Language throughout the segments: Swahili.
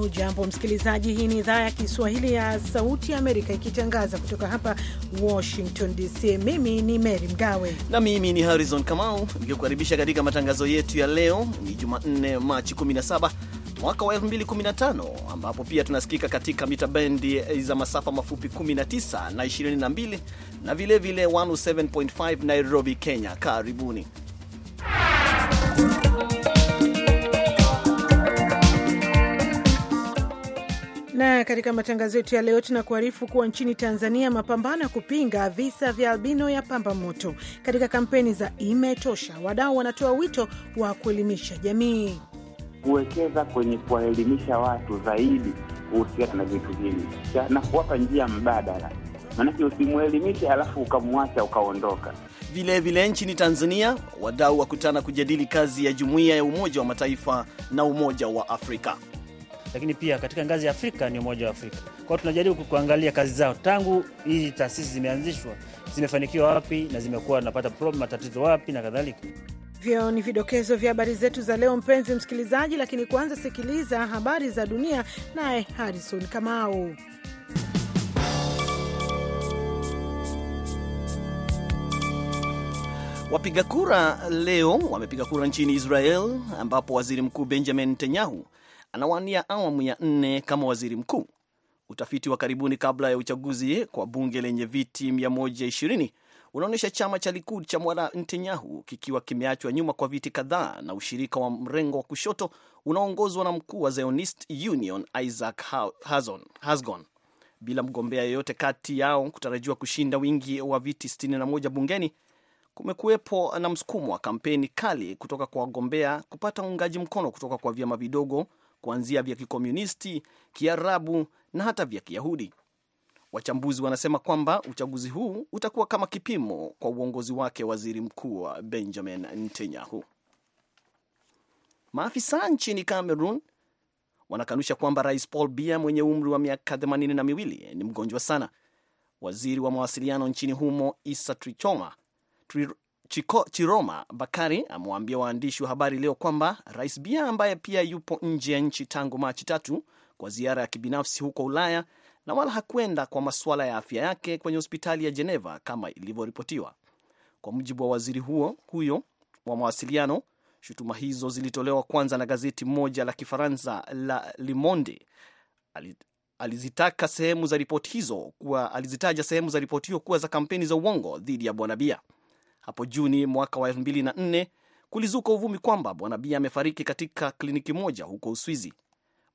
Hujambo msikilizaji, hii ni idhaa ya Kiswahili ya Sauti ya Amerika ikitangaza kutoka hapa Washington DC. Mimi ni Mary Mgawe na mimi ni Harrison Kamau nikikukaribisha katika matangazo yetu ya leo. Ni Jumanne, Machi 17 mwaka wa 2015 ambapo pia tunasikika katika mita bendi za masafa mafupi 19 na 22 na vilevile 107.5 Nairobi, Kenya. Karibuni. Na katika matangazo yetu ya leo tunakuarifu kuwa nchini Tanzania mapambano ya kupinga visa vya albino ya pamba moto katika kampeni za Imetosha, wadau wanatoa wito wa kuelimisha jamii, kuwekeza kwenye kuwaelimisha watu zaidi kuhusiana na vitu hivi na kuwapa njia mbadala, maanake usimwelimishe halafu ukamwacha ukaondoka. Vilevile nchini Tanzania wadau wakutana kujadili kazi ya jumuiya ya Umoja wa Mataifa na Umoja wa Afrika lakini pia katika ngazi ya Afrika ni Umoja wa Afrika. Kwao tunajaribu kuangalia kazi zao tangu hizi taasisi zimeanzishwa, zimefanikiwa wapi na zimekuwa wanapata matatizo wapi na kadhalika. Vyo ni vidokezo vya habari zetu za leo, mpenzi msikilizaji, lakini kwanza sikiliza habari za dunia naye Harrison Kamau. Wapiga kura leo wamepiga kura nchini Israel ambapo waziri mkuu Benjamin Netanyahu anawania awamu ya nne kama waziri mkuu. Utafiti wa karibuni kabla ya uchaguzi kwa bunge lenye viti 120 unaonyesha chama cha Likud cha Mwana Netanyahu kikiwa kimeachwa nyuma kwa viti kadhaa na ushirika wa mrengo wa kushoto unaoongozwa na mkuu wa Zionist Union Isaac Hasgon bila mgombea yeyote kati yao kutarajiwa kushinda wingi wa viti 61 bungeni. Kumekuwepo na msukumo wa kampeni kali kutoka kwa wagombea kupata uungaji mkono kutoka kwa vyama vidogo kuanzia vya kikomunisti, Kiarabu na hata vya Kiyahudi. Wachambuzi wanasema kwamba uchaguzi huu utakuwa kama kipimo kwa uongozi wake waziri mkuu wa Benjamin Netanyahu. Maafisa nchini Cameroon wanakanusha kwamba rais Paul Biya mwenye umri wa miaka themanini na miwili ni mgonjwa sana. Waziri wa mawasiliano nchini humo Isa Trichoma Chiko, Chiroma Bakari amewaambia waandishi wa habari leo kwamba Rais bia ambaye pia yupo nje ya nchi tangu Machi tatu kwa ziara ya kibinafsi huko Ulaya na wala hakwenda kwa masuala ya afya yake kwenye hospitali ya Geneva kama ilivyoripotiwa. Kwa mujibu wa waziri huo huyo wa mawasiliano, shutuma hizo zilitolewa kwanza na gazeti moja la Kifaransa la Le Monde. Alizitaka sehemu za ripoti hizo kuwa, alizitaja sehemu za ripoti hiyo kuwa za kampeni za uongo dhidi ya Bwana Bia hapo Juni mwaka wa 2004 kulizuka uvumi kwamba Bwana Bia amefariki katika kliniki moja huko Uswizi.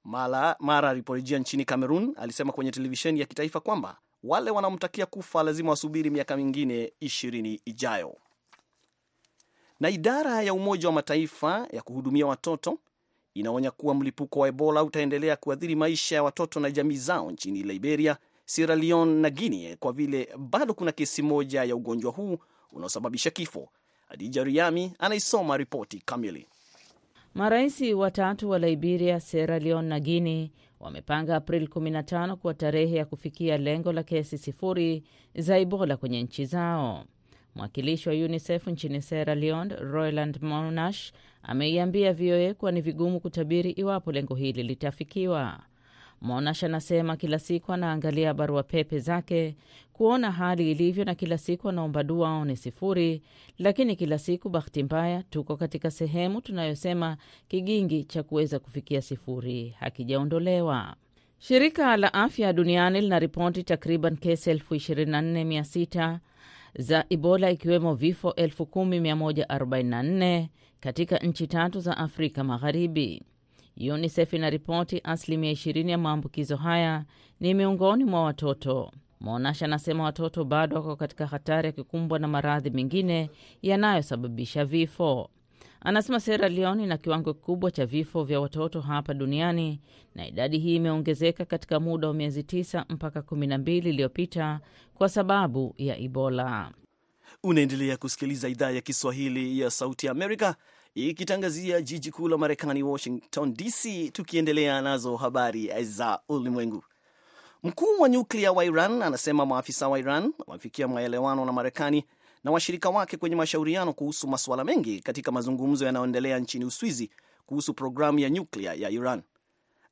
Mara, mara aliporejea nchini Cameroon alisema kwenye televisheni ya kitaifa kwamba wale wanaomtakia kufa lazima wasubiri miaka mingine ishirini ijayo. Na idara ya Umoja wa Mataifa ya kuhudumia watoto inaonya kuwa mlipuko wa Ebola utaendelea kuathiri maisha ya watoto na jamii zao nchini Liberia, Sierra Leone na Guinea kwa vile bado kuna kesi moja ya ugonjwa huu unaosababisha kifo. Adija Riami anaisoma ripoti kamili. Marais watatu wa Liberia, Sierra Leone na Guinea wamepanga Aprili 15 kuwa tarehe ya kufikia lengo la kesi sifuri za Ebola kwenye nchi zao. Mwakilishi wa UNICEF nchini Sierra Leone, Royland Monash, ameiambia VOA kuwa ni vigumu kutabiri iwapo lengo hili litafikiwa. Monash anasema kila siku anaangalia barua pepe zake kuona hali ilivyo, na kila siku anaomba dua aone sifuri, lakini kila siku, bahati mbaya, tuko katika sehemu tunayosema kigingi cha kuweza kufikia sifuri hakijaondolewa. Shirika la Afya Duniani linaripoti takriban kesi elfu 24600 za Ebola ikiwemo vifo 10144 katika nchi tatu za Afrika Magharibi. UNICEF inaripoti asilimia 20 ya maambukizo haya ni miongoni mwa watoto. monash anasema watoto bado wako katika hatari ya kukumbwa na maradhi mengine yanayosababisha vifo. Anasema Sierra Leone ina kiwango kikubwa cha vifo vya watoto hapa duniani na idadi hii imeongezeka katika muda wa miezi tisa mpaka kumi na mbili iliyopita kwa sababu ya Ebola. Unaendelea kusikiliza idhaa ya Kiswahili ya Sauti ya Amerika ikitangazia jiji kuu la Marekani, Washington DC. Tukiendelea nazo habari za ulimwengu, mkuu wa nyuklia wa Iran anasema maafisa wa Iran wamefikia maelewano na Marekani na washirika wake kwenye mashauriano kuhusu masuala mengi katika mazungumzo yanayoendelea nchini Uswizi kuhusu programu ya nyuklia ya Iran.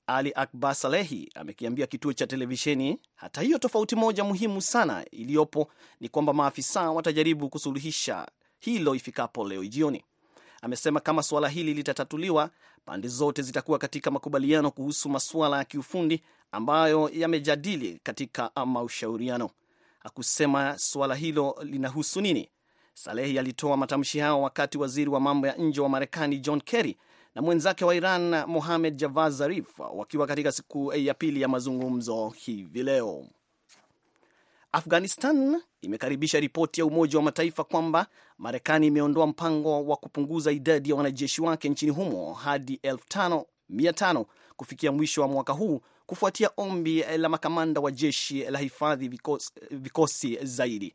Ali Akbar Salehi amekiambia kituo cha televisheni. Hata hiyo, tofauti moja muhimu sana iliyopo ni kwamba maafisa watajaribu kusuluhisha hilo ifikapo leo jioni. Amesema kama suala hili litatatuliwa, pande zote zitakuwa katika makubaliano kuhusu masuala ya kiufundi ambayo yamejadili katika maushauriano Hakusema suala hilo linahusu nini. Salehi alitoa matamshi hayo wakati waziri wa mambo ya nje wa Marekani John Kerry na mwenzake wa Iran Mohamed Javad Zarif wakiwa katika siku ya pili ya mazungumzo hivi leo. Afghanistan imekaribisha ripoti ya Umoja wa Mataifa kwamba Marekani imeondoa mpango wa kupunguza idadi ya wanajeshi wake nchini humo hadi 1500 kufikia mwisho wa mwaka huu kufuatia ombi la makamanda wa jeshi la hifadhi vikosi, vikosi zaidi.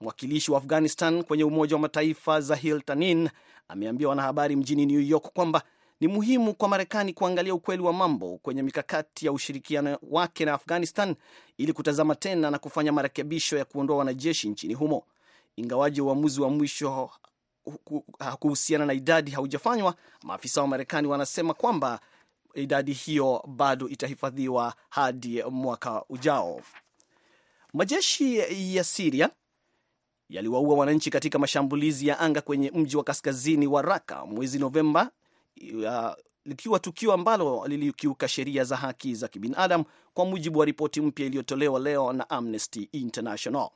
Mwakilishi wa Afghanistan kwenye Umoja wa Mataifa Zahil Tanin ameambia wanahabari mjini New York kwamba ni muhimu kwa Marekani kuangalia ukweli wa mambo kwenye mikakati ya ushirikiano wake na Afghanistan ili kutazama tena na kufanya marekebisho ya kuondoa wanajeshi nchini humo. Ingawaji uamuzi wa mwisho kuhusiana na idadi haujafanywa, maafisa wa Marekani wanasema kwamba idadi hiyo bado itahifadhiwa hadi mwaka ujao. Majeshi ya Siria yaliwaua wananchi katika mashambulizi ya anga kwenye mji wa kaskazini wa Raka mwezi Novemba ya, likiwa tukio ambalo lilikiuka sheria za haki za kibinadamu kwa mujibu wa ripoti mpya iliyotolewa leo na Amnesty International.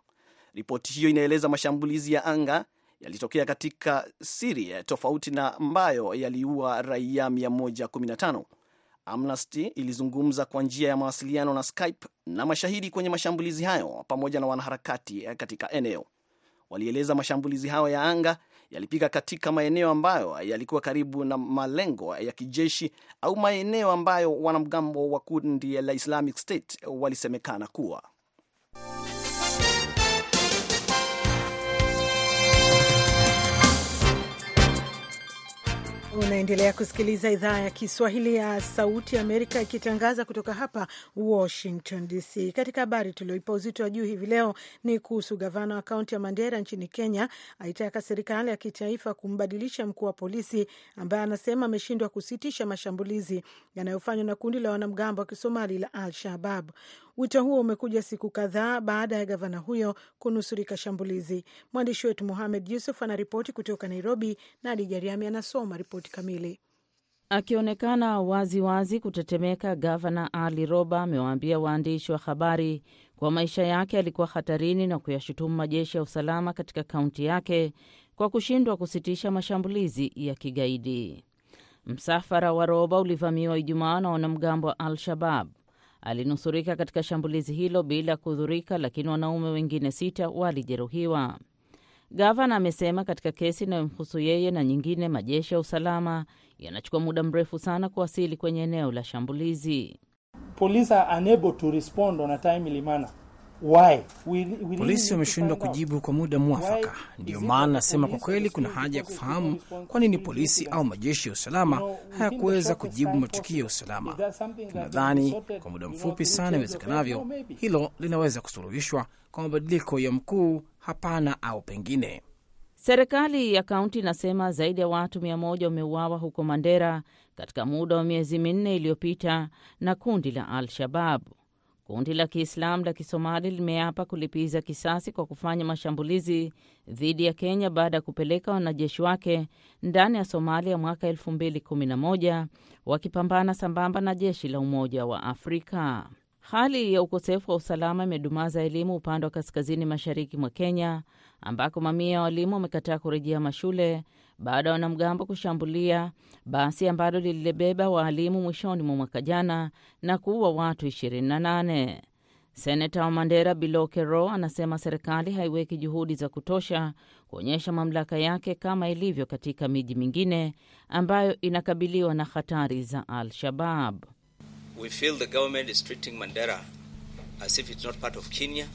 Ripoti hiyo inaeleza mashambulizi ya anga yalitokea katika siri tofauti na ambayo yaliua raia 115. Amnesty ilizungumza kwa njia ya mawasiliano na Skype na mashahidi kwenye mashambulizi hayo pamoja na wanaharakati katika eneo. Walieleza mashambulizi hayo ya anga yalipiga katika maeneo ambayo yalikuwa karibu na malengo ya kijeshi au maeneo ambayo wanamgambo wa kundi la Islamic State walisemekana kuwa Unaendelea kusikiliza idhaa ya Kiswahili ya Sauti Amerika ikitangaza kutoka hapa Washington DC. Katika habari tulioipa uzito wa juu hivi leo ni kuhusu gavana wa kaunti ya Mandera nchini Kenya aitaka serikali ya kitaifa kumbadilisha mkuu wa polisi ambaye anasema ameshindwa kusitisha mashambulizi yanayofanywa na kundi la wanamgambo wa kisomali la Al Shabab. Wito huo umekuja siku kadhaa baada ya gavana huyo kunusurika shambulizi. Mwandishi wetu muhamed Yusuf anaripoti kutoka Nairobi na Adijariami anasoma ripoti kamili. Akionekana waziwazi wazi kutetemeka, gavana Ali Roba amewaambia waandishi wa habari kwa maisha yake alikuwa hatarini na kuyashutumu majeshi ya usalama katika kaunti yake kwa kushindwa kusitisha mashambulizi ya kigaidi. Msafara wa Roba ulivamiwa Ijumaa na wanamgambo wa Al-Shabab alinusurika katika shambulizi hilo bila kudhurika, lakini wanaume wengine sita walijeruhiwa. Gavana amesema katika kesi inayomhusu yeye na nyingine, majeshi ya usalama yanachukua muda mrefu sana kuwasili kwenye eneo la shambulizi. Police are unable to respond on a timely manner. Polisi wameshindwa kujibu kwa muda mwafaka. Ndiyo maana nasema kwa kweli kuna haja ya kufahamu kwa nini polisi au majeshi ya usalama hayakuweza kujibu matukio ya usalama. Tunadhani kwa muda mfupi sana iwezekanavyo, hilo linaweza kusuluhishwa kwa mabadiliko ya mkuu, hapana au pengine. Serikali ya kaunti inasema zaidi ya watu mia moja wameuawa huko Mandera katika muda wa miezi minne iliyopita na kundi la Al-Shababu. Kundi la Kiislamu la Kisomali limeapa kulipiza kisasi kwa kufanya mashambulizi dhidi ya Kenya baada ya kupeleka wanajeshi wake ndani ya Somalia mwaka 2011 wakipambana sambamba na jeshi la Umoja wa Afrika. Hali ya ukosefu wa usalama imedumaza elimu upande wa kaskazini mashariki mwa Kenya, ambako mamia ya walimu wamekataa kurejea mashule baada ya wanamgambo kushambulia basi ambalo lilibeba waalimu mwishoni mwa mwaka jana na kuua watu 28. Seneta wa Mandera Bilokero anasema serikali haiweki juhudi za kutosha kuonyesha mamlaka yake kama ilivyo katika miji mingine ambayo inakabiliwa na hatari za Al-Shabab. We feel the government is treating Mandera as if it's not part of Kenya.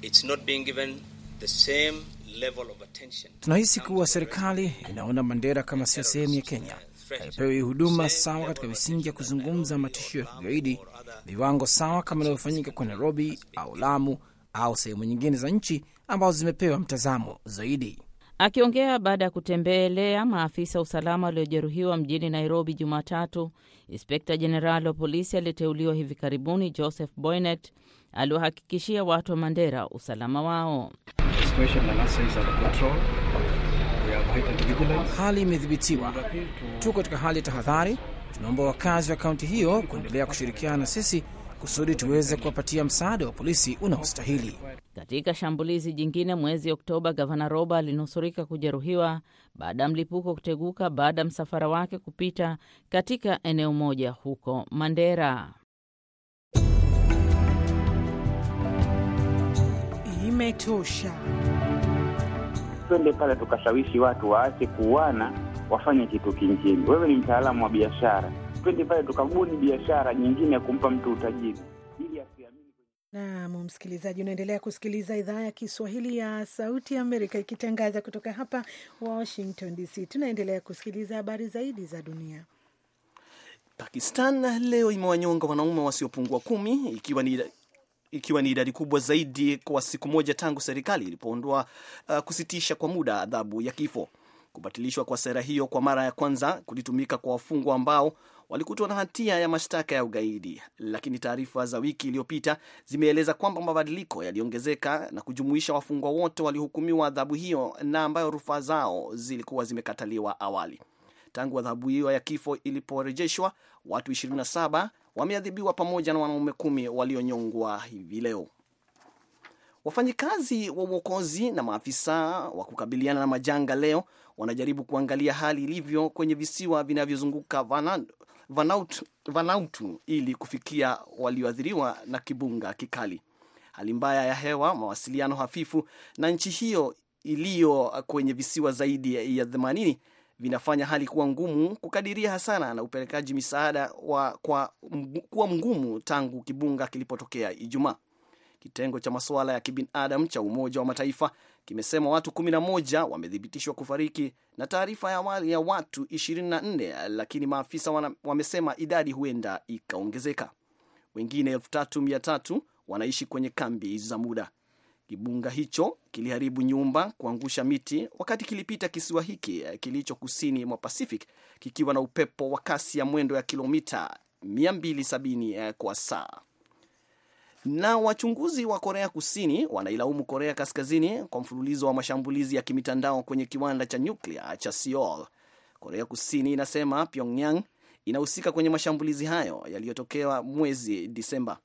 It's not being given the same level of attention. Tunahisi kuwa serikali inaona Mandera kama sio sehemu ya Kenya, haipewi huduma sawa katika misingi ya kuzungumza matishio ya kigaidi, viwango sawa kama inavyofanyika kwa Nairobi au Lamu au sehemu nyingine za nchi ambazo zimepewa mtazamo zaidi. Akiongea baada ya kutembelea maafisa usalama waliojeruhiwa mjini Nairobi Jumatatu, Inspekta Jenerali wa polisi aliyeteuliwa hivi karibuni Joseph Boynet aliwahakikishia watu wa Mandera usalama wao. Hali imedhibitiwa, tuko katika hali ya tahadhari. Tunaomba wakazi wa kaunti hiyo kuendelea kushirikiana na sisi kusudi tuweze kuwapatia msaada wa polisi unaostahili. Katika shambulizi jingine mwezi Oktoba, gavana Roba alinusurika kujeruhiwa baada ya mlipuko kuteguka baada ya msafara wake kupita katika eneo moja huko Mandera. Imetosha. Twende pale tukashawishi watu waache kuuana, wafanye kitu kingine. Wewe ni mtaalamu wa biashara, twende pale tukabuni biashara nyingine ya kumpa mtu utajiri. Nam msikilizaji, unaendelea kusikiliza idhaa ya Kiswahili ya Sauti Amerika ikitangaza kutoka hapa Washington DC. Tunaendelea kusikiliza habari zaidi za dunia. Pakistan leo imewanyonga wanaume wasiopungua kumi ikiwa ni ikiwa ni idadi kubwa zaidi kwa siku moja tangu serikali ilipoondoa uh, kusitisha kwa muda adhabu ya kifo. Kubatilishwa kwa sera hiyo kwa mara ya kwanza kulitumika kwa wafungwa ambao walikutwa na hatia ya mashtaka ya ugaidi, lakini taarifa za wiki iliyopita zimeeleza kwamba mabadiliko yaliongezeka na kujumuisha wafungwa wote waliohukumiwa adhabu hiyo na ambayo rufaa zao zilikuwa zimekataliwa awali. Tangu adhabu hiyo ya kifo iliporejeshwa, watu 27 wameadhibiwa pamoja na wanaume kumi walionyongwa hivi leo. Wafanyikazi wa uokozi na maafisa wa kukabiliana na majanga leo wanajaribu kuangalia hali ilivyo kwenye visiwa vinavyozunguka Vanuatu, Vanuatu ili kufikia walioathiriwa na kibunga kikali. Hali mbaya ya hewa, mawasiliano hafifu na nchi hiyo iliyo kwenye visiwa zaidi ya 80 vinafanya hali kuwa ngumu kukadiria hasara na upelekaji misaada wa kwa kuwa mgumu tangu kibunga kilipotokea Ijumaa. Kitengo cha masuala ya kibinadamu cha Umoja wa Mataifa kimesema watu 11 wamethibitishwa kufariki na taarifa ya awali ya watu 24, lakini maafisa wana, wamesema idadi huenda ikaongezeka. Wengine 3300 wanaishi kwenye kambi za muda. Kibunga hicho kiliharibu nyumba, kuangusha miti wakati kilipita kisiwa hiki eh, kilicho kusini mwa Pacific kikiwa na upepo wa kasi ya mwendo ya kilomita 270 eh, kwa saa. Na wachunguzi wa Korea Kusini wanailaumu Korea Kaskazini kwa mfululizo wa mashambulizi ya kimitandao kwenye kiwanda cha nyuklia cha Seoul. Korea Kusini inasema Pyongyang inahusika kwenye mashambulizi hayo yaliyotokea mwezi Disemba.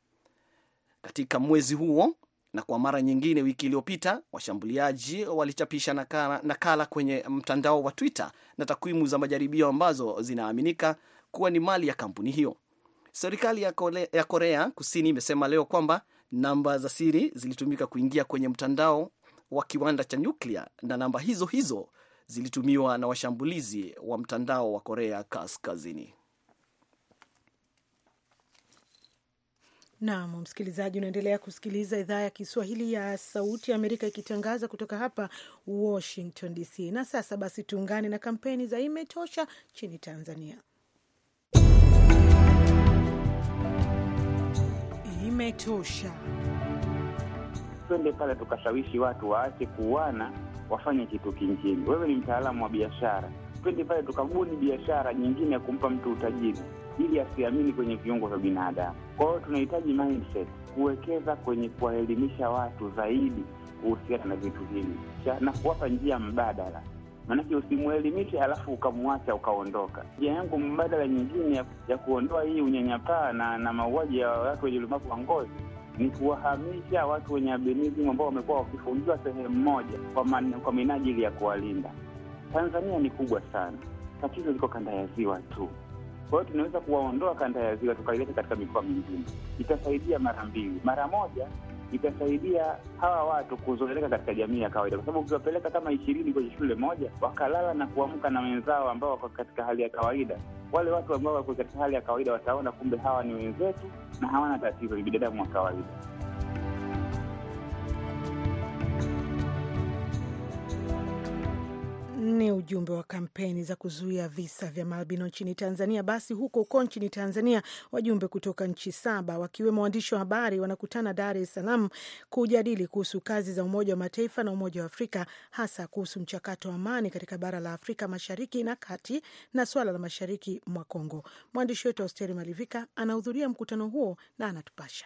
Katika mwezi huo na kwa mara nyingine wiki iliyopita, washambuliaji walichapisha nakala, nakala kwenye mtandao wa Twitter na takwimu za majaribio ambazo zinaaminika kuwa ni mali ya kampuni hiyo. Serikali ya, Kole, ya Korea Kusini imesema leo kwamba namba za siri zilitumika kuingia kwenye mtandao wa kiwanda cha nyuklia na namba hizo hizo zilitumiwa na washambulizi wa mtandao wa Korea Kaskazini. Nam msikilizaji, unaendelea kusikiliza idhaa ya Kiswahili ya Sauti ya Amerika ikitangaza kutoka hapa Washington DC. Na sasa basi, tuungane na kampeni za Imetosha nchini Tanzania. Kumetosha. Twende pale tukashawishi watu waache kuuana, wafanye kitu kingine. Wewe ni mtaalamu wa biashara, twende pale tukabuni biashara nyingine ya kumpa mtu utajiri ili asiamini kwenye viungo vya binadamu. Kwa hiyo tunahitaji mindset, kuwekeza kwenye kuwaelimisha watu zaidi kuhusiana na vitu hivi na kuwapa njia mbadala maanake usimwelimishe halafu ukamwacha ukaondoka. Njia yangu mbadala nyingine ya kuondoa hii unyanyapaa na, na mauaji ya watu wenye ulemavu wa ngozi ni kuwahamisha watu wenye albinism ambao wamekuwa wakifungiwa sehemu moja kwa, man, kwa minajili ya kuwalinda. Tanzania ni kubwa sana, tatizo liko kanda ya ziwa tu. Kwa hiyo tunaweza kuwaondoa kanda ya ziwa tukaileta katika mikoa mingine, itasaidia mara mbili. Mara moja itasaidia hawa watu kuzoeleka katika jamii ya kawaida, kwa sababu ukiwapeleka kama ishirini kwenye shule moja wakalala na kuamka na wenzao ambao wako katika hali ya kawaida, wale watu ambao wako katika hali ya kawaida wataona kumbe hawa ni wenzetu na hawana tatizo, ni binadamu wa kawaida. nne ujumbe wa kampeni za kuzuia visa vya maalbino nchini Tanzania. Basi huko huko nchini Tanzania, wajumbe kutoka nchi saba wakiwemo waandishi wa habari wanakutana Dar es Salaam kujadili kuhusu kazi za Umoja wa Mataifa na Umoja wa Afrika, hasa kuhusu mchakato wa amani katika bara la Afrika mashariki na kati na swala la mashariki mwa Kongo. Mwandishi wetu Austeri Malivika anahudhuria mkutano huo na anatupasha.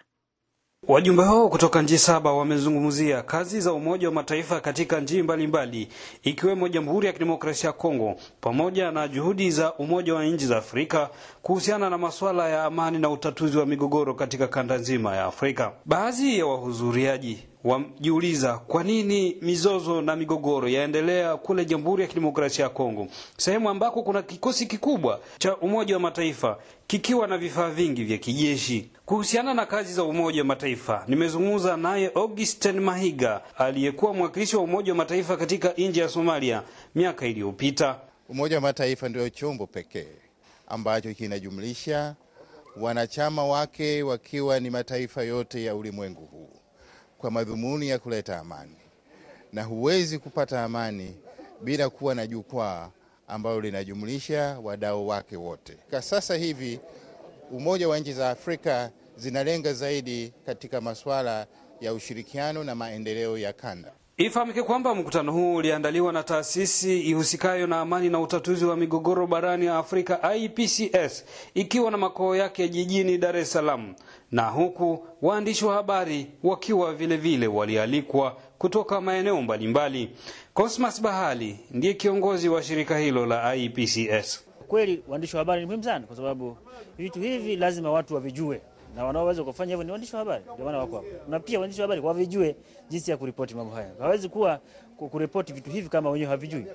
Wajumbe hao kutoka nchi saba wamezungumzia kazi za Umoja wa Mataifa katika nchi mbalimbali ikiwemo Jamhuri ya Kidemokrasia ya Kongo pamoja na juhudi za Umoja wa nchi za Afrika kuhusiana na masuala ya amani na utatuzi wa migogoro katika kanda nzima ya Afrika. Baadhi ya wahudhuriaji wamjiuliza kwa nini mizozo na migogoro yaendelea kule Jamhuri ya Kidemokrasia ya Kongo, sehemu ambako kuna kikosi kikubwa cha Umoja wa Mataifa kikiwa na vifaa vingi vya kijeshi. Kuhusiana na kazi za Umoja wa Mataifa, nimezungumza naye Augustin Mahiga aliyekuwa mwakilishi wa Umoja wa Mataifa katika nchi ya Somalia miaka iliyopita. Umoja wa Mataifa ndio chombo pekee ambacho kinajumlisha wanachama wake wakiwa ni mataifa yote ya ulimwengu huu kwa madhumuni ya kuleta amani, na huwezi kupata amani bila kuwa na jukwaa ambalo linajumlisha wadau wake wote. Kwa sasa hivi Umoja wa Nchi za Afrika zinalenga zaidi katika masuala ya ushirikiano na maendeleo ya kanda. Ifahamike kwamba mkutano huu uliandaliwa na taasisi ihusikayo na amani na utatuzi wa migogoro barani ya Afrika IPCS ikiwa na makao yake jijini Dar es Salaam, na huku waandishi wa habari wakiwa vilevile walialikwa kutoka maeneo mbalimbali. Cosmas Bahali ndiye kiongozi wa shirika hilo la IPCS. Kweli waandishi wa habari ni muhimu sana, kwa sababu vitu hivi lazima watu wavijue na wanaoweza kufanya hivyo ni waandishi wa habari, ndio maana wako hapa. Na pia waandishi wa habari wavijue jinsi ya kuripoti mambo haya, hawezi kuwa kuripoti vitu hivi kama wenyewe havijui.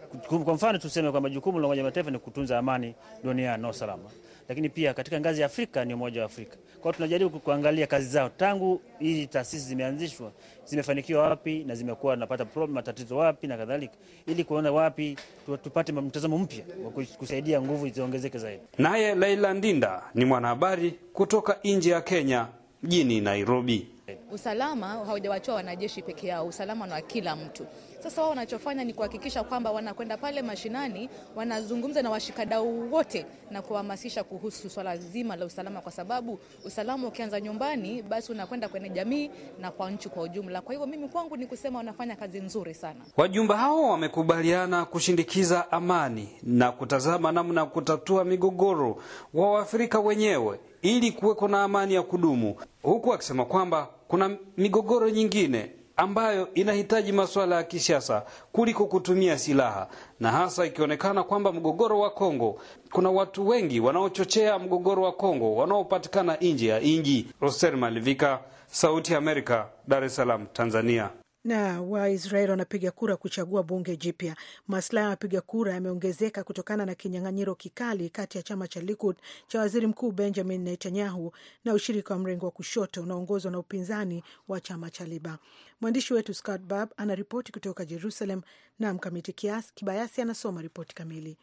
Kwa mfano tuseme kwamba jukumu la Umoja wa Mataifa ni kutunza amani duniani na usalama, lakini pia katika ngazi ya Afrika ni Umoja wa Afrika. Kwa hiyo tunajaribu kuangalia kazi zao tangu hizi taasisi zimeanzishwa, zimefanikiwa wapi na zimekuwa napata problem, matatizo wapi na kadhalika, ili kuona wapi tupate mtazamo mpya wa kusaidia nguvu ziongezeke zaidi. Naye Laila Ndinda ni mwanahabari kutoka nje ya Kenya, mjini Nairobi. Usalama haujawachua wanajeshi peke yao, usalama na wa kila mtu. Sasa wao wanachofanya ni kuhakikisha kwamba wanakwenda pale mashinani, wanazungumza na washikadau wote na kuhamasisha kuhusu swala zima la usalama, kwa sababu usalama ukianza nyumbani, basi unakwenda kwenye jamii na kwa nchi kwa ujumla. Kwa hivyo mimi kwangu ni kusema wanafanya kazi nzuri sana. Wajumbe hao wamekubaliana kushindikiza amani na kutazama namna ya kutatua migogoro wa Waafrika wenyewe ili kuweko na amani ya kudumu, huku akisema kwamba kuna migogoro nyingine ambayo inahitaji masuala ya kisiasa kuliko kutumia silaha, na hasa ikionekana kwamba mgogoro wa Kongo, kuna watu wengi wanaochochea mgogoro wa Kongo wanaopatikana nje ya inji Roser Malivika, Sauti ya Amerika, Dar es Salaam, Tanzania. Na Waisrael wanapiga kura kuchagua bunge jipya. Maslahi ya wapiga kura yameongezeka kutokana na kinyang'anyiro kikali kati ya chama cha Likud cha waziri mkuu Benjamin Netanyahu na ushirika wa mrengo wa kushoto unaoongozwa na upinzani wa chama cha Liba. Mwandishi wetu Scott Bab anaripoti kutoka Jerusalem na Mkamiti Kibayasi anasoma ripoti kamili.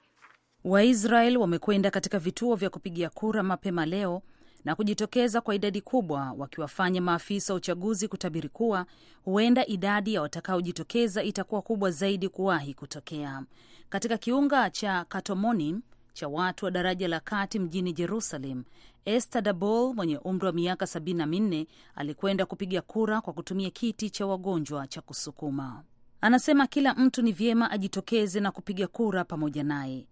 Waisrael wamekwenda katika vituo vya kupigia kura mapema leo na kujitokeza kwa idadi kubwa, wakiwafanya maafisa wa uchaguzi kutabiri kuwa huenda idadi ya watakaojitokeza itakuwa kubwa zaidi kuwahi kutokea. Katika kiunga cha Katomonim cha watu wa daraja la kati mjini Jerusalem, Esther Dabol mwenye umri wa miaka sabini na minne alikwenda kupiga kura kwa kutumia kiti cha wagonjwa cha kusukuma. Anasema kila mtu ni vyema ajitokeze na kupiga kura pamoja naye.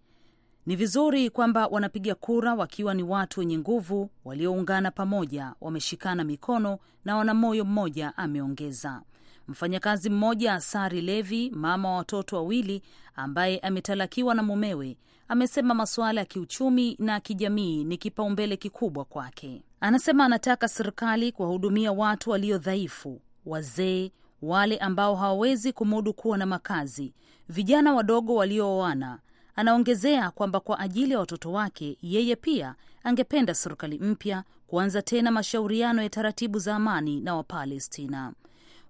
Ni vizuri kwamba wanapiga kura wakiwa ni watu wenye nguvu walioungana pamoja, wameshikana mikono na wana moyo mmoja, ameongeza. Mfanyakazi mmoja Sari Levi, mama wa watoto wawili ambaye ametalakiwa na mumewe, amesema masuala ya kiuchumi na kijamii ni kipaumbele kikubwa kwake. Anasema anataka serikali kuwahudumia watu walio dhaifu, wazee, wale ambao hawawezi kumudu kuwa na makazi, vijana wadogo waliooana Anaongezea kwamba kwa ajili ya watoto wake, yeye pia angependa serikali mpya kuanza tena mashauriano ya taratibu za amani na Wapalestina.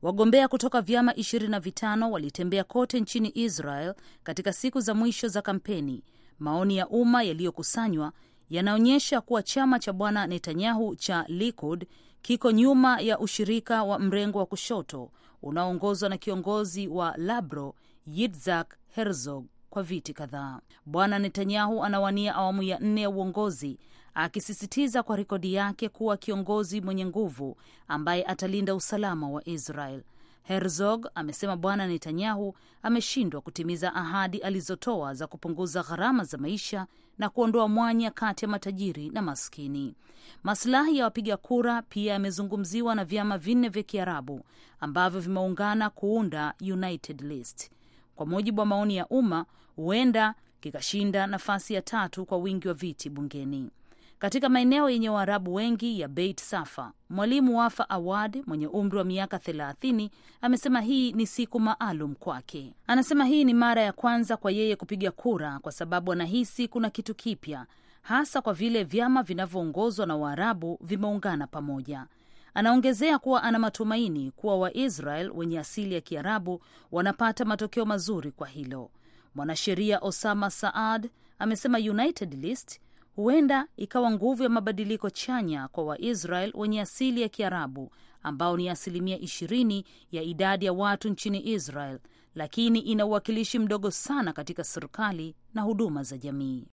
Wagombea kutoka vyama ishirini na vitano walitembea kote nchini Israel katika siku za mwisho za kampeni. Maoni ya umma yaliyokusanywa yanaonyesha kuwa chama cha bwana Netanyahu cha Likud kiko nyuma ya ushirika wa mrengo wa kushoto unaoongozwa na kiongozi wa Labro Yitzhak Herzog kwa viti kadhaa. Bwana Netanyahu anawania awamu ya nne ya uongozi akisisitiza kwa rekodi yake kuwa kiongozi mwenye nguvu ambaye atalinda usalama wa Israel. Herzog amesema Bwana Netanyahu ameshindwa kutimiza ahadi alizotoa za kupunguza gharama za maisha na kuondoa mwanya kati ya matajiri na maskini. Masilahi ya wapiga kura pia yamezungumziwa na vyama vinne vya Kiarabu ambavyo vimeungana kuunda United List. Kwa mujibu wa maoni ya umma, huenda kikashinda nafasi ya tatu kwa wingi wa viti bungeni. Katika maeneo yenye Waarabu wengi ya Beit Safa, mwalimu Wafa Awad mwenye umri wa miaka thelathini amesema hii ni siku maalum kwake. Anasema hii ni mara ya kwanza kwa yeye kupiga kura kwa sababu anahisi kuna kitu kipya, hasa kwa vile vyama vinavyoongozwa na Waarabu vimeungana pamoja. Anaongezea kuwa ana matumaini kuwa Waisrael wenye asili ya Kiarabu wanapata matokeo mazuri kwa hilo. Mwanasheria Osama Saad amesema United List huenda ikawa nguvu ya mabadiliko chanya kwa Waisrael wenye asili ya Kiarabu ambao ni asilimia ishirini ya idadi ya watu nchini Israel, lakini ina uwakilishi mdogo sana katika serikali na huduma za jamii.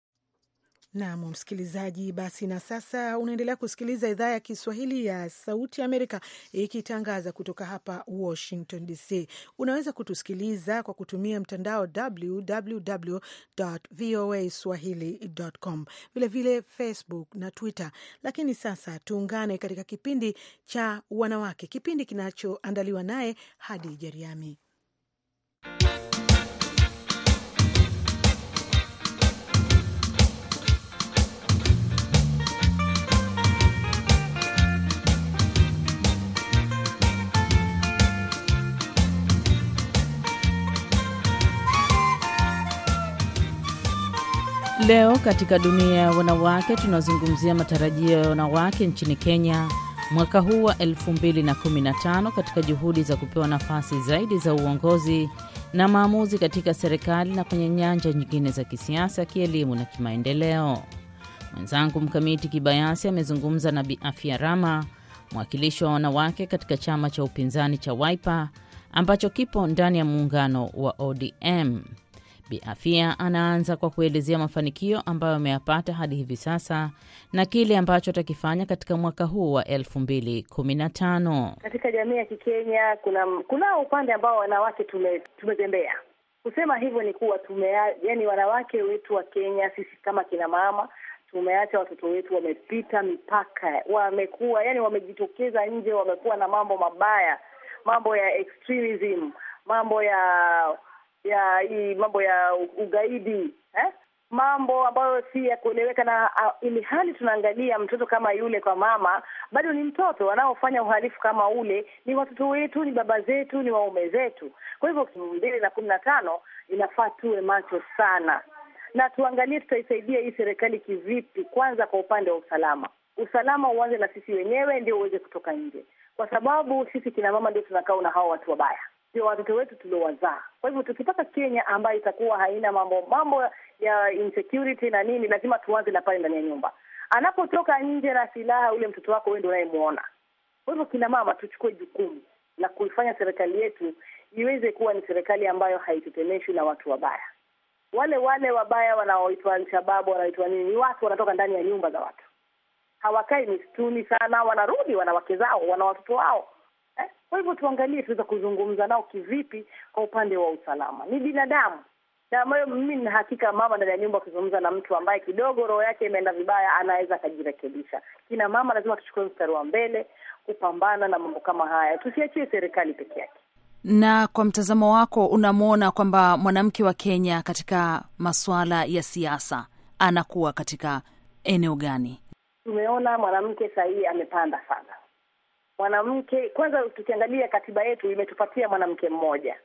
Nam msikilizaji, basi na sasa unaendelea kusikiliza idhaa ya Kiswahili ya Sauti Amerika ikitangaza kutoka hapa Washington DC. Unaweza kutusikiliza kwa kutumia mtandao www voa swahili.com, vilevile Facebook na Twitter. Lakini sasa tuungane katika kipindi cha Wanawake, kipindi kinachoandaliwa naye Hadi Jeriami. Leo katika dunia ya wanawake tunazungumzia matarajio ya wanawake nchini Kenya mwaka huu wa 2015 katika juhudi za kupewa nafasi zaidi za uongozi na maamuzi katika serikali na kwenye nyanja nyingine za kisiasa, kielimu na kimaendeleo. Mwenzangu Mkamiti Kibayasi amezungumza na Bi Afia Rama, mwakilishi wa wanawake katika chama cha upinzani cha Wiper ambacho kipo ndani ya muungano wa ODM. Biafia anaanza kwa kuelezea mafanikio ambayo ameyapata hadi hivi sasa na kile ambacho atakifanya katika mwaka huu wa elfu mbili kumi na tano. Katika jamii ya Kikenya kuna kuna upande ambao wanawake tume, tumetembea kusema hivyo ni kuwa tume, yani wanawake wetu wa Kenya sisi kama kina mama tumeacha watoto wetu wamepita mipaka, wamekuwa yani wamejitokeza nje, wamekuwa na mambo mabaya, mambo ya extremism, mambo ya ya hii mambo ya ugaidi eh? mambo ambayo si ya kueleweka, na ili hali tunaangalia mtoto kama yule, kwa mama bado ni mtoto. Wanaofanya uhalifu kama ule ni watoto wetu, ni baba zetu, ni waume zetu. Kwa hivyo mbili na kumi na tano inafaa tuwe macho sana na tuangalie tutaisaidia hii serikali kivipi. Kwanza kwa upande wa usalama, usalama uanze na sisi wenyewe ndio uweze kutoka nje, kwa sababu sisi kina mama ndio na hao watu wabaya ndio watoto wetu tuliowazaa. Kwa hivyo tukitaka Kenya ambayo itakuwa haina mambo mambo ya insecurity na nini, lazima tuanze na pale ndani ya nyumba. Anapotoka nje na silaha, ule mtoto wako wewe ndio unayemwona. Kwa hivyo, kina mama, tuchukue jukumu la kuifanya serikali yetu iweze kuwa ni serikali ambayo haitetemeshwi na watu wabaya. Wale wale wabaya wanaoitwa Alshababu, wanaoitwa nini, ni watu wanatoka ndani ya nyumba za watu, hawakai misituni sana, wanarudi, wana wake zao, wana watoto wao kwa hivyo tuangalie tuweza kuzungumza nao kivipi kwa upande wa usalama. Ni binadamu na ambayo mimi nina hakika mama ndani ya nyumba akizungumza na mtu ambaye kidogo roho yake imeenda vibaya, anaweza akajirekebisha. Kina mama lazima tuchukue mstari wa mbele kupambana na mambo kama haya, tusiachie serikali peke yake. Na kwa mtazamo wako, unamwona kwamba mwanamke wa Kenya katika masuala ya siasa anakuwa katika eneo gani? Tumeona mwanamke sahihi hii amepanda sana mwanamke. Kwanza tukiangalia katiba yetu imetupatia mwanamke mmoja,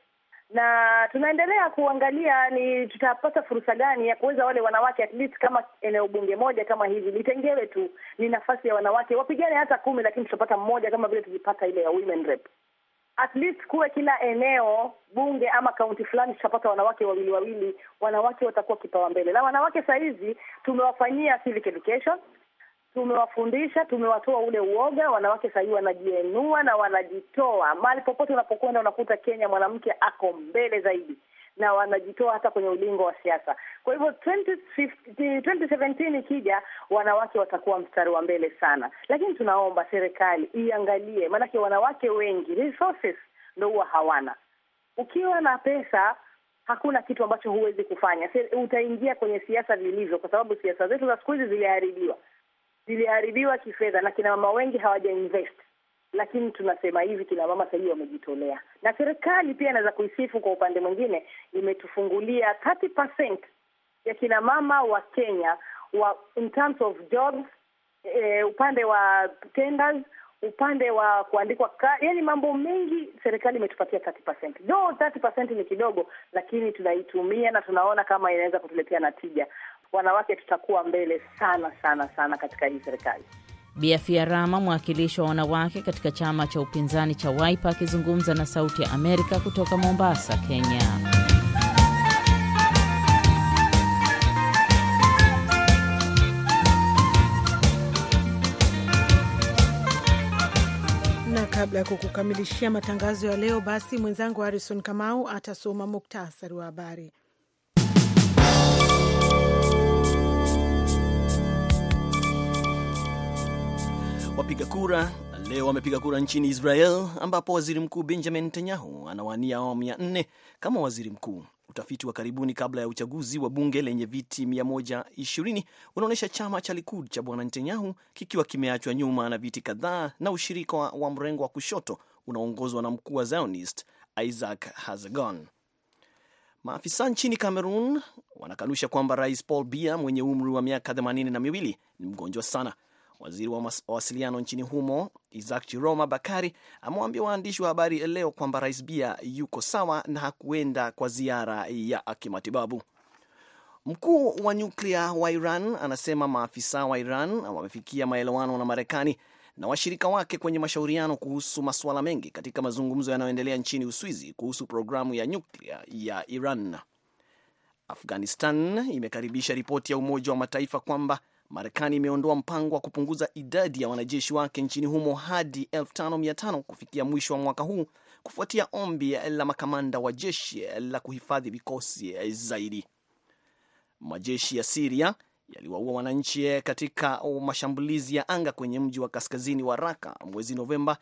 na tunaendelea kuangalia ni tutapata fursa gani ya kuweza wale wanawake at least, kama eneo bunge moja kama hivi litengewe tu ni nafasi ya wanawake wapigane hata kumi, lakini tutapata mmoja kama vile tulipata ile ya women rep. At least kuwe kila eneo bunge ama kaunti fulani tutapata wanawake wawili wawili, wanawake watakuwa kipawa mbele. Na wanawake saa hizi tumewafanyia civic education, tumewafundisha, tumewatoa ule uoga. Wanawake sahii wanajienua na wanajitoa. Mahali popote unapokwenda unakuta Kenya mwanamke ako mbele zaidi na wanajitoa hata kwenye ulingo wa siasa. Kwa hivyo 2017 ikija, wanawake watakuwa mstari wa mbele sana, lakini tunaomba serikali iangalie, maanake wanawake wengi resources ndo huwa hawana. Ukiwa na pesa hakuna kitu ambacho huwezi kufanya. Utaingia kwenye siasa vilivyo, kwa sababu siasa zetu za siku hizi ziliharibiwa ziliharibiwa kifedha na kina mama wengi invest. lakini tunasema hivi, kina mama sahii wamejitolea, na serikali pia inaweza kuisifu kwa upande mwingine, imetufungulia 30% ya kina mama wa Kenya wa in terms of jobs, eh, upande wa tenders upande wa kuandikwa ka, yani mambo mengi serikali imetupatia 30%. Do 30% ni kidogo, lakini tunaitumia na tunaona kama inaweza kutuletea natija wanawake tutakuwa mbele sana sana sana katika hii serikali. Biafia e Rama, mwakilishi wa wanawake katika chama cha upinzani cha waipa akizungumza na Sauti ya Amerika kutoka Mombasa, Kenya. Kabla ya kukukamilishia matangazo ya leo, basi mwenzangu Harrison Kamau atasoma muktasari wa habari. Wapiga kura leo wamepiga kura nchini Israel ambapo waziri mkuu Benjamin Netanyahu anawania awamu ya nne kama waziri mkuu. Utafiti wa karibuni kabla ya uchaguzi wa bunge lenye viti 120 unaonyesha chama cha Likud cha bwana Netanyahu kikiwa kimeachwa nyuma na viti kadhaa na ushirika wa mrengo wa kushoto unaoongozwa na mkuu wa Zionist Isaac Herzog. Maafisa nchini Cameroon wanakanusha kwamba rais Paul Biya mwenye umri wa miaka themanini na miwili ni mgonjwa sana Waziri wa mawasiliano nchini humo Isaac Chiroma Bakari amewaambia waandishi wa habari leo kwamba Rais bia yuko sawa na hakuenda kwa ziara ya kimatibabu. Mkuu wa nyuklia wa Iran anasema maafisa wa Iran wamefikia maelewano na Marekani na washirika wake kwenye mashauriano kuhusu masuala mengi katika mazungumzo yanayoendelea nchini Uswizi kuhusu programu ya nyuklia ya Iran. Afghanistan imekaribisha ripoti ya Umoja wa Mataifa kwamba Marekani imeondoa mpango wa kupunguza idadi ya wanajeshi wake nchini humo hadi 5500 kufikia mwisho wa mwaka huu kufuatia ombi la makamanda wa jeshi la kuhifadhi vikosi zaidi. Majeshi ya Siria yaliwaua wananchi katika mashambulizi ya anga kwenye mji wa kaskazini wa Raka mwezi Novemba,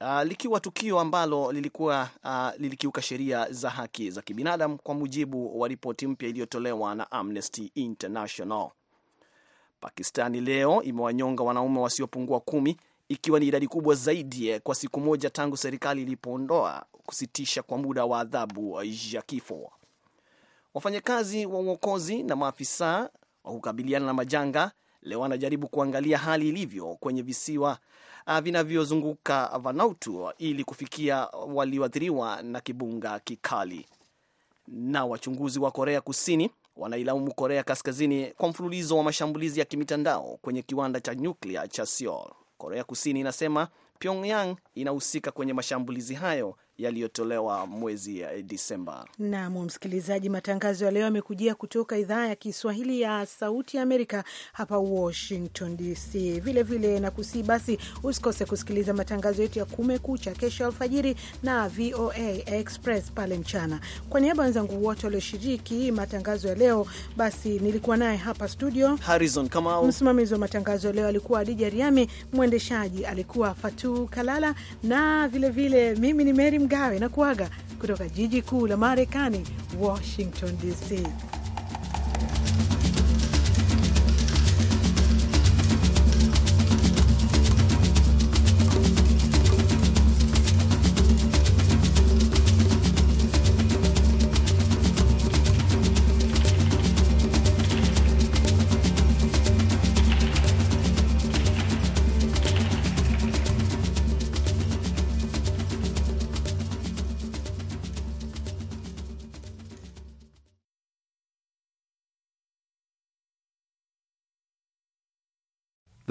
uh, likiwa tukio ambalo lilikuwa uh, lilikiuka sheria za haki za kibinadamu, kwa mujibu wa ripoti mpya iliyotolewa na Amnesty International. Pakistani leo imewanyonga wanaume wasiopungua kumi ikiwa ni idadi kubwa zaidi kwa siku moja tangu serikali ilipoondoa kusitisha kwa muda wa adhabu ya kifo. Wafanyakazi wa uokozi na maafisa wa kukabiliana na majanga leo wanajaribu kuangalia hali ilivyo kwenye visiwa ah, vinavyozunguka Vanuatu ili kufikia walioathiriwa na kibunga kikali. Na wachunguzi wa Korea Kusini wanailaumu Korea Kaskazini kwa mfululizo wa mashambulizi ya kimitandao kwenye kiwanda cha nyuklia cha Seoul. Korea Kusini inasema Pyongyang inahusika kwenye mashambulizi hayo yaliyotolewa mwezi ya eh, Disemba. Naam, msikilizaji, matangazo ya leo yamekujia kutoka idhaa ya Kiswahili ya Sauti ya Amerika hapa Washington DC. Vilevile nakusii basi usikose kusikiliza matangazo yetu ya Kumekucha kesho alfajiri na VOA Express pale mchana. Kwa niaba ya wenzangu wote walioshiriki matangazo ya leo, basi nilikuwa naye hapa studio Harrison Kamau, msimamizi wa matangazo ya leo alikuwa Adija Riami, mwendeshaji alikuwa Fatu Kalala na vilevile vile, mimi ni Mary Mgawe na kuaga kutoka jiji kuu la Marekani, Washington DC.